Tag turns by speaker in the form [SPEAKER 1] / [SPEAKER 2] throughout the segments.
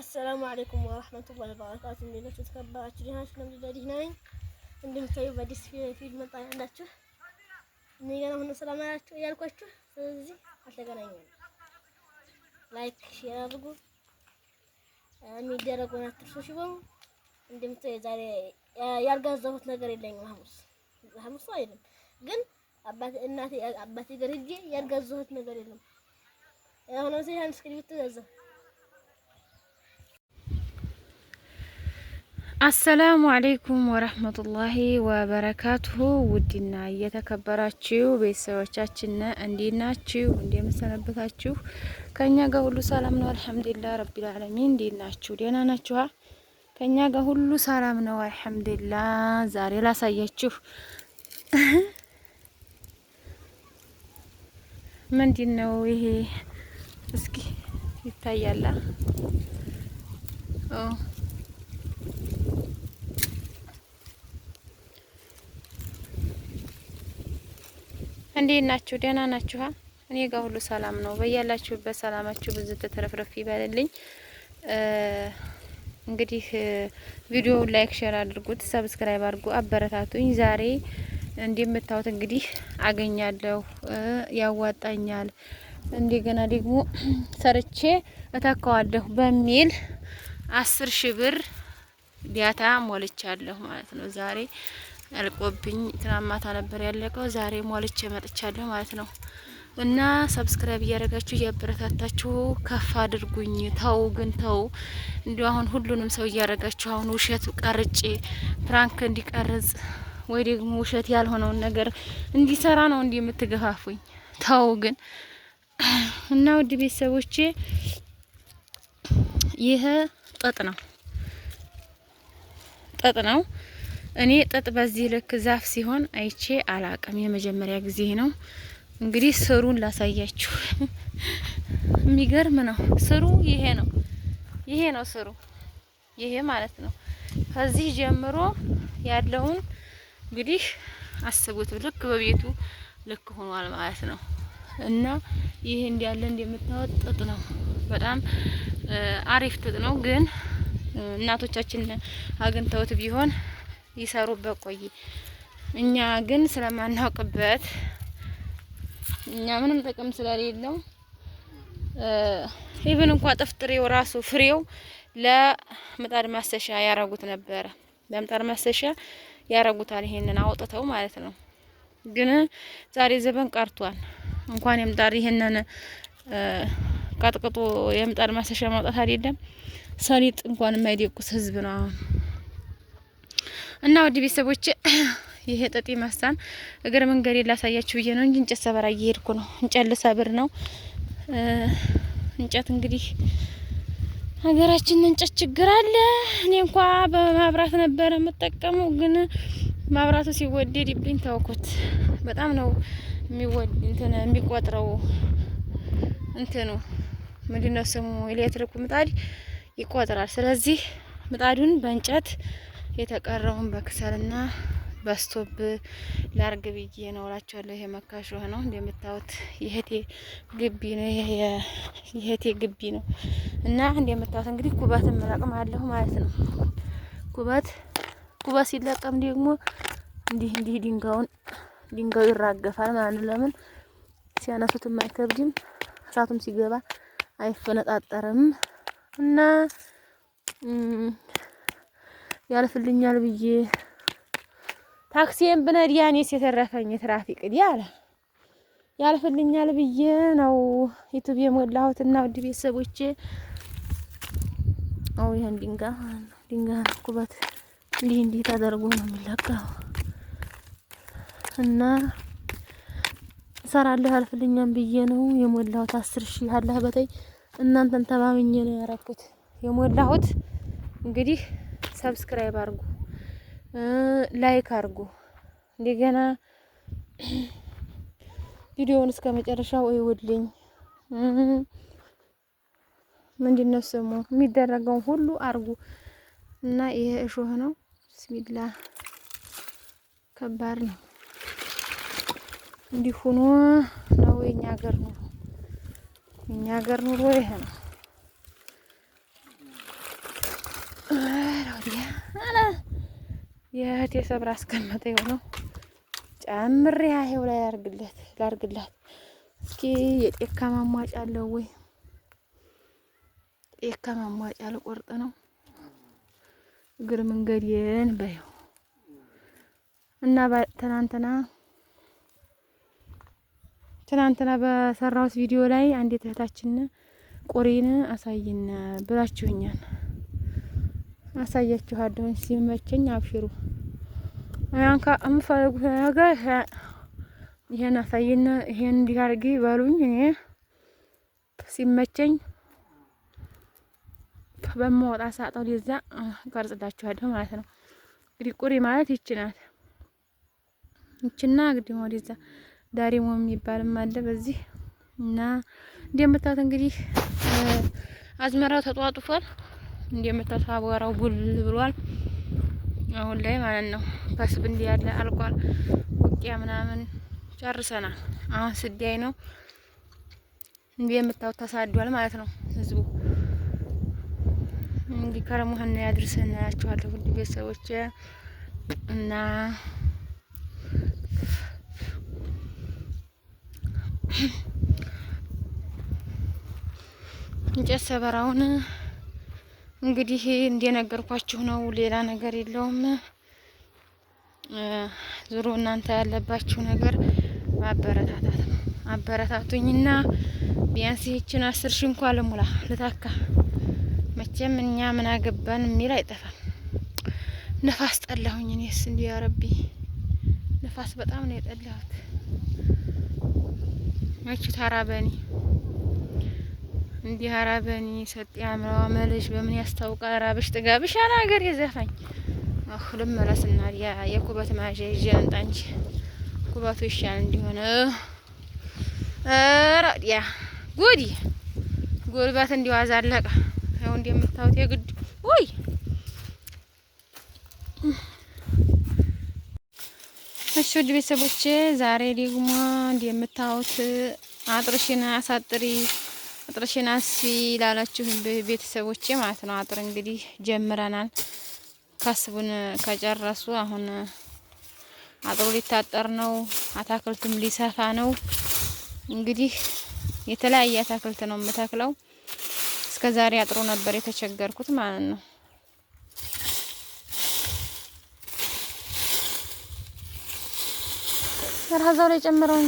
[SPEAKER 1] አሰላሙ አለይኩም ወራህመቱላሂ ወበረካቱ። እንዴት የተከበራችሁ ደህና ናችሁ? ለምድ ደህና ነኝ። እንደምታዩ በአዲስ ፊልም መጣ ያላችሁ እኔ ገና ሁኑ ሰላም አላችሁ እያልኳችሁ፣ ስለዚህ አልተገናኘንም። ላይክ ሼር አድርጉ፣ የሚደረገውን አትርሱ። እሺ እንደምታዩ ዛሬ ያልጋዛሁት ነገር የለኝም። ሐሙስ ሐሙስ አይደለም ግን አባቴ እናቴ አባቴ ጋር ሂጅ ነገር የለም። አሁን ለምሳሌ አንድ እስክሪብቶ ገዛሁ አሰላሙ አሌይኩም ወረህመቱላሂ ወበረካቱሁ ውድና እየተከበራችሁ ቤተሰቦቻችን እንዴት ናችሁ? እንደምሰነበታችሁ? ከእኛ ጋር ሁሉ ሰላም ነው አልሐምዱሊላህ ረቢል ዓለሚን። እንዴት ናችሁ? ደህና ናችኋ? ከእኛ ጋር ሁሉ ሰላም ነው አልሐምዱሊላህ። ዛሬ ላሳያችሁ ምንድን ነው ይሄ? እስኪ ይታያላ እንዴት ናችሁ? ደህና ናችሁ? እኔ ጋር ሁሉ ሰላም ነው። በያላችሁበት ሰላማችሁ ብዙ ተተረፍረፍ ይበልልኝ። እንግዲህ ቪዲዮውን ላይክ፣ ሼር አድርጉት፣ ሰብስክራይብ አድርጉ፣ አበረታቱኝ። ዛሬ እንደምታዩት እንግዲህ አገኛለሁ፣ ያዋጣኛል፣ እንደገና ደግሞ ሰርቼ እተካዋለሁ በሚል አስር ሺህ ብር ዳታ ሞልቻለሁ ማለት ነው ዛሬ አልቆብኝ ትናንት ማታ ነበር ያለቀው። ዛሬ ሟልቼ መጥቻለሁ ማለት ነው። እና ሰብስክራይብ እያደረጋችሁ እያበረታታችሁ ከፍ አድርጉኝ። ተው ግን ተው፣ እንዲሁ አሁን ሁሉንም ሰው እያደረጋችሁ አሁን ውሸት ቀርጬ ፕራንክ እንዲቀርጽ ወይ ደግሞ ውሸት ያልሆነውን ነገር እንዲሰራ ነው እንዲህ የምትገፋፉኝ። ተው ግን እና ውድ ቤተሰቦቼ ይህ ጠጥ ነው ጠጥ ነው። እኔ ጥጥ በዚህ ልክ ዛፍ ሲሆን አይቼ አላቅም። የመጀመሪያ ጊዜ ነው። እንግዲህ ስሩን ላሳያችሁ። የሚገርም ነው። ስሩ ይሄ ነው። ይሄ ነው ስሩ፣ ይሄ ማለት ነው። ከዚህ ጀምሮ ያለውን እንግዲህ አስቡት። ልክ በቤቱ ልክ ሆኗል ማለት ነው። እና ይሄ እንዲያለ እንደምታወጥ ጥጥ ነው። በጣም አሪፍ ጥጥ ነው። ግን እናቶቻችን አግኝተውት ቢሆን ይሰሩበት ቆይ። እኛ ግን ስለማናውቅበት እኛ ምንም ጥቅም ስለሌለው ኢቭን እንኳ ጥፍጥሬው ራሱ ፍሬው ለምጣድ ማሰሻ ያረጉት ነበረ። ለምጣድ ማሰሻ ያረጉታል፣ ይሄንን አውጥተው ማለት ነው። ግን ዛሬ ዘበን ቀርቷል። እንኳን የምጣድ ይሄንን ቀጥቅጦ የምጣድ ማሰሻ ማውጣት አይደለም ሰሊጥ እንኳን የማይደቁስ ህዝብ ነው አሁን እና ወደ ቤተሰቦች ይሄ ጠጢ ማሳን እግር መንገድ ላሳያችሁ ብዬ ነው እንጂ እንጨት ሰበራ እየሄድኩ ነው። እንጨት ልሰብር ነው። እንጨት እንግዲህ ሀገራችን እንጨት ችግር አለ። እኔ እንኳ በማብራት ነበረ የምጠቀመው፣ ግን ማብራቱ ሲወደድ ይብኝ ታውኩት። በጣም ነው የሚወድ እንትን የሚቆጥረው እንትኑ ምንድነው ስሙ ኤሌክትሪኩ ምጣድ ይቆጥራል። ስለዚህ ምጣዱን በእንጨት የተቀረውን በክሰልና በስቶብ ላርግ ብዬ ነው እላቸዋለሁ። ይሄ መካሽ ነው እንደምታዩት የህቴ ግቢ ነው። የህቴ ግቢ ነው እና እንደምታዩት እንግዲህ ኩበት መለቅም አለሁ ማለት ነው። ኩበት ኩበት ሲለቀም ደግሞ እንዲህ እንዲህ ድንጋዩን ድንጋዩ ይራገፋል ማለት ነው። ለምን ሲያነሱትም አይከብድም፣ እሳቱም ሲገባ አይፈነጣጠርም እና ያልፍልኛል ብዬ ታክሲን ብነድ ያኔስ የተረፈኝ ትራፊክ እዲ አለ ያልፍልኛል ብዬ ነው ዩቱብ የሞላሁትና ውድ ቤተሰቦቼ አው ይሄን ድንጋ ድንጋ ኩበት እንዲህ እንዲህ ተደርጎ ነው የሚለቀው እና ሰራለሁ ያልፍልኛም ብዬ ነው የሞላሁት። አስር ሺህ አላህ በተይ እናንተን ተማምኜ ነው ያረኩት የሞላሁት እንግዲህ ሰብስክራይብ አድርጉ፣ ላይክ አድርጉ። እንደገና ቪዲዮውን እስከ መጨረሻው እዩልኝ። ምንድን ነው ስሙ? የሚደረገውን ሁሉ አርጉ እና ይሄ እሾህ ነው። ብስሚላ ከባድ ነው። እንዲህ ሆኖ ነው የኛ ሀገር ኑሮ። የኛ ሀገር ኑሮ ይሄ ነው። የእህት የሰብር አስቀመጠ የሆነው ጨምሬ ያሄው ላይ ላርግለት ላርግላት። እስኪ የጤካ ማሟጫ አለው ወይ? ጤካ ማሟጫ ልቆርጥ ነው። እግር መንገዴን በይው እና ትናንትና ትናንትና በሰራሁት ቪዲዮ ላይ አንዲት እህታችን ቁሪን አሳይን ብላችሁኛል። አሳያችኋለሁ ሲመቸኝ። አብሽሩ አንካ የምፈልጉት ነገር ይሄን አሳይነ ይሄን እንዲያርጊ በሉኝ። እኔ ሲመቸኝ በማወጣ ሳጠው ሊዛ ቀርጽላችኋለሁ ማለት ነው። እንግዲህ ቁሪ ማለት ይቺ ናት። ይቺና እንግዲህ ወደዛ ዳሪሞ የሚባልም አለ በዚህ እና እንደምታዩት እንግዲህ አዝመራው ተጧጡፏል። እንደምታዩት አቧራው ቡል ብሏል። አሁን ላይ ማለት ነው ከስብ እንዲህ ያለ አልቋል። ውቅያ ምናምን ጨርሰናል። አሁን ስዳይ ነው እንደምታዩት ተሳዷል ማለት ነው ህዝቡ። እንግዲህ ከረሙህና ያድርሰን እላችኋለሁ ውድ ቤተሰቦቼ እና እንጨት ሰበራውን እንግዲህ እንደነገርኳችሁ ነው። ሌላ ነገር የለውም። ዞሮ እናንተ ያለባችሁ ነገር ማበረታታት ነው። አበረታቱኝና ቢያንስ ይህችን አስር ሺ እንኳ ልሙላ ልታካ። መቼም እኛ ምን አገባን የሚል አይጠፋም። ነፋስ ጠላሁኝ እኔስ እንዲሁ ያረቢ ነፋስ በጣም ነው የጠላሁት። መቹ ታራበኒ እንዲህ አራበኒ ሰጥ ያምራው መልሽ በምን ያስታውቃ አራብሽ ጥጋብሽ ያለ ሀገር የዘፋኝ አሁንም መለስና ያ የኩበት ማዣ ይዤ ልምጣ እንጂ ኩበቱ ይሻል እንዲሆነ ራዲያ ጉዲ ጉልበት እንዲዋዛ አለቀ። ያው እንደምታዩት የግድ ወይ እሺ፣ ውድ ቤተሰቦቼ ዛሬ ደግሞ እንደምታዩት አጥርሽና አሳጥሪ አጥርሽን አስፊ ላላችሁ ቤተሰቦቼ ማለት ነው። አጥር እንግዲህ ጀምረናል። ከስቡን ከጨረሱ አሁን አጥሩ ሊታጠር ነው። አታክልቱም ሊሰፋ ነው። እንግዲህ የተለያየ አታክልት ነው የምተክለው። እስከ ዛሬ አጥሩ ነበር የተቸገርኩት ማለት ነው። ራዛው ላይ ጨምረው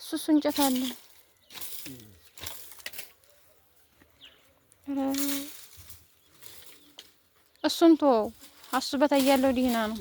[SPEAKER 1] እሱ እሱ እንጨት አለ። እሱን ቶ አሱ በታያለው ዲህና ነው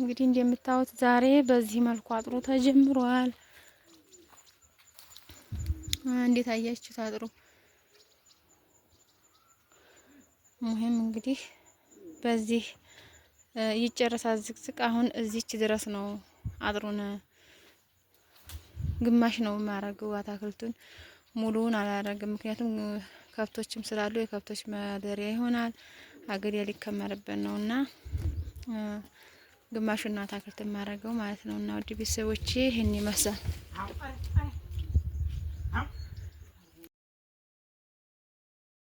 [SPEAKER 1] እንግዲህ እንደምታዩት ዛሬ በዚህ መልኩ አጥሩ ተጀምሯል። እንዴት አያችሁት? አጥሩ ሙህም እንግዲህ በዚህ ይጨረሳል ዝቅዝቅ። አሁን እዚች ድረስ ነው አጥሩን ግማሽ ነው የማረገው። አታክልቱን ሙሉውን አላረግም፣ ምክንያቱም ከብቶችም ስላሉ የከብቶች ማደሪያ ይሆናል። አገዳ ሊከመርበት ነውና ግማሹ እና አታክልት ማረገው ማለት ነው። እና ውድ ቤተሰቦቼ ይህን ይመስላል።